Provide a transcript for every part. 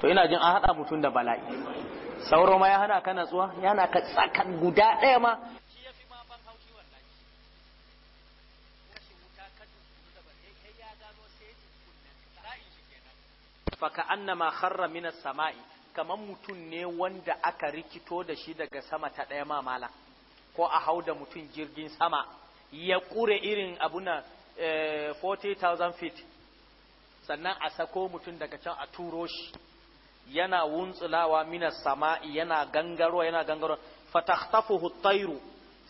to ina jin an haɗa mutum da bala'i sauro ma ya hana ka natsuwa yana ka tsakan guda ɗaya ma faka annama kharra minas sama'i kamar mutum ne wanda aka rikito da shi daga sama ta ɗaya ma mala ko a hau da mutum jirgin sama ya ƙure irin abuna 40,000 eh, feet sannan a sako mutum daga can a turo shi yana wuntsulawa minas sama'i yana gangaro yana gangaro fatakhtafuhu tayru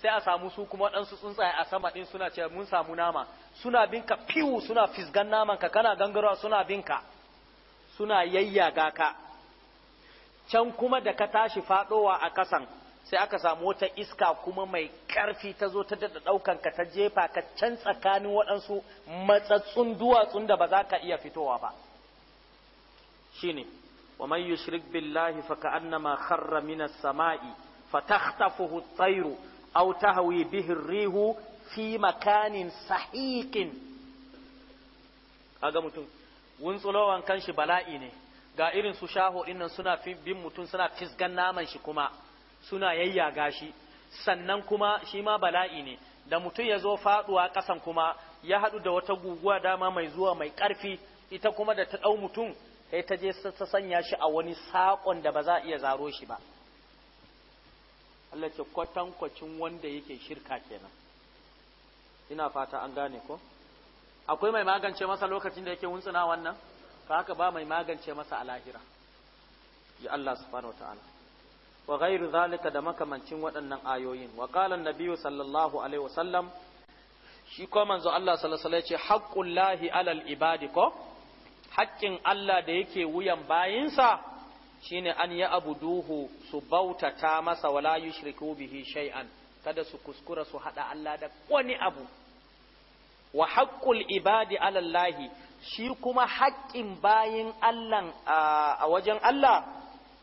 sai a samu su kuma waɗansu tsuntsaye a sama din suna ce mun samu nama suna binka fiwu suna fisgan naman ka kana gangarowa suna binka suna yayyaga ka can kuma da ka tashi fadowa a kasan sai aka samu wata iska kuma mai karfi ta zo ta daɗa ɗaukan ka ta jefa ka can tsakanin waɗansu matsatsun duwatsun da ba za ka iya fitowa ba shine ومن يشرك بالله فكأنما خر من السماء فتخطفه الطير أو تهوي به الريح في مكان سحيق kaga mutum wuntsulowan kanshi bala'i ne ga irin su shaho dinnan suna bin mutum suna fisgan naman shi kuma suna yayyaga shi sannan kuma shi ma bala'i ne da mutum ya zo faduwa kasan kuma ya haɗu da wata guguwa dama mai zuwa mai ƙarfi ita kuma da ta ɗau mutum sai ta je ta sanya shi a wani saƙon da ba za a iya zaro shi ba Allah ce kwatankwacin wanda yake shirka kenan ina fata an gane ko akwai mai magance masa lokacin da yake wuntsuna wannan ka haka ba mai magance masa a lahira ya Allah subhanahu wataala wa ghairu zalika da makamancin waɗannan ayoyin wa qala an-nabiyyu sallallahu alaihi wasallam shi ko manzo Allah sallallahu alaihi wasallam ya ce haqqullahi lahi alal ibadi ko haƙƙin Allah da yake wuyan bayinsa shine an yi abu duhu su bautata masa wala yushriku bihi shai'an. kada su kuskura su haɗa Allah da wani abu wa haqqul ibadi ala shi kuma haƙƙin bayin Allah a wajen Allah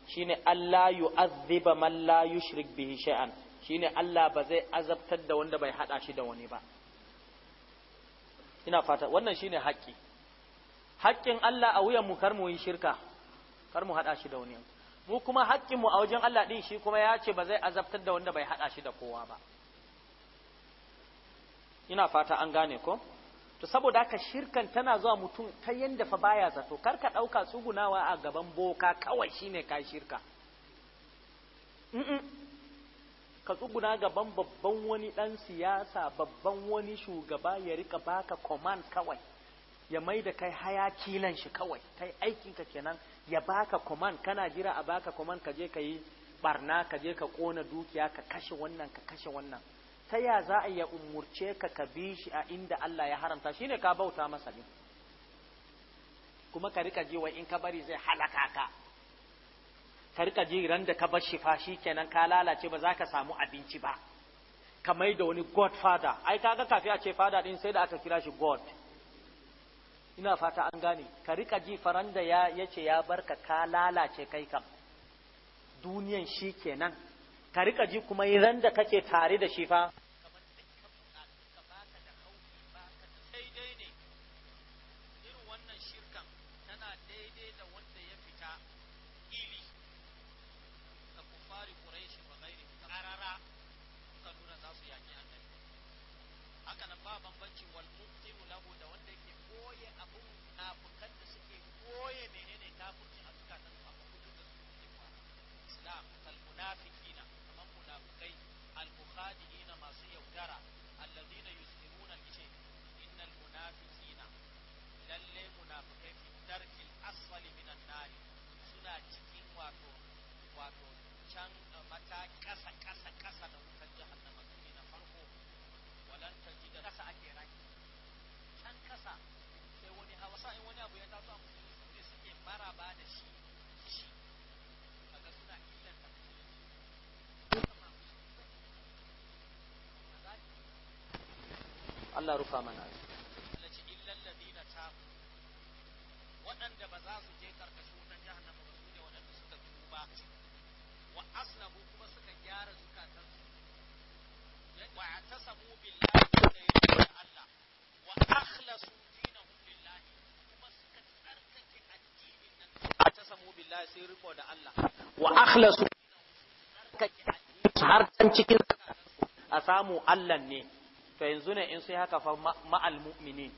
shine Allah yu'azziba man la yushrik bihi shay'an shine Allah ba zai azabtar da wanda bai haɗa shi da wani ba ina fata wannan shine haƙƙi haƙƙin Allah a wuyan mu kar mu yi shirka kar mu hada shi da wani mu kuma haƙƙin mu a wajen Allah ɗin shi kuma ya ce ba zai azabtar da wanda bai hada shi da kowa ba ina fata an gane ko to saboda haka shirkan tana zuwa mutum ta yanda fa baya zato kar ka ɗauka tsugunawa a gaban boka kawai shine ka shirka ka tsuguna gaban babban wani dan siyasa babban wani shugaba ya rika baka command kawai ya mai da kai hayaki nan shi kawai kai aikinka kenan ya baka kuman kana jira a baka kuman ka je ka yi barna ka je ka kona dukiya ka kashe wannan ka kashe wannan ta ya za a ya umurce ka ka bi shi a inda Allah ya haramta shine ka bauta masa ne kuma ka rika jiwa in ka bari zai halaka ka ka rika jiran da ka bar shi fa kenan ka lalace ba za ka samu abinci ba ka mai da wani godfather ai kaga kafi a ce fada din sai da aka kira shi god ina fata an gane ka rika ji faranda ya yace ya barka ka lalace kai kam duniyan shi kenan ka rika ji kuma idan da kake tare da shi fa haka nan ba bambanci wal muqtiru da wanda koye abun nafukan da suke koye menene kafirci a zukatan su amma kudin da su ne kwana islam kal munafiqina kaman munafikai al mukhadiina masu yaudara alladhina yusiruna kice innal munafiqina lalle munafikai fi darkil asfali minan nar suna cikin wato wato can mataki kasa kasa kasa da wutar jahannama ne na farko walan tajida kasa ake raki Allah rufa mana waɗanda ba za su je karkashin wutan jahannama ba su ne waɗanda suka tuba wa aslahu kuma suka gyara wa atasamu billahi da Allah wa akhlasu lillahi kuma suka tsarkake addinin nan atasamu billahi sai riko da Allah wa akhlasu tsarkake addinin har can cikin a samu Allah ne to yanzu ne in sai haka fa ma'al mu'minin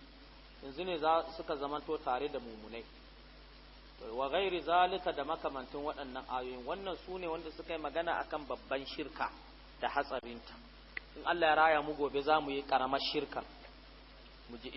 yanzu ne suka zamanto tare da mumunai wa ghairi zalika da makamantun waɗannan ayoyin wannan sune ne wanda suka yi magana akan babban shirka da hatsarinta in Allah ya raya mu gobe za mu yi ƙaramar shirka. mu ji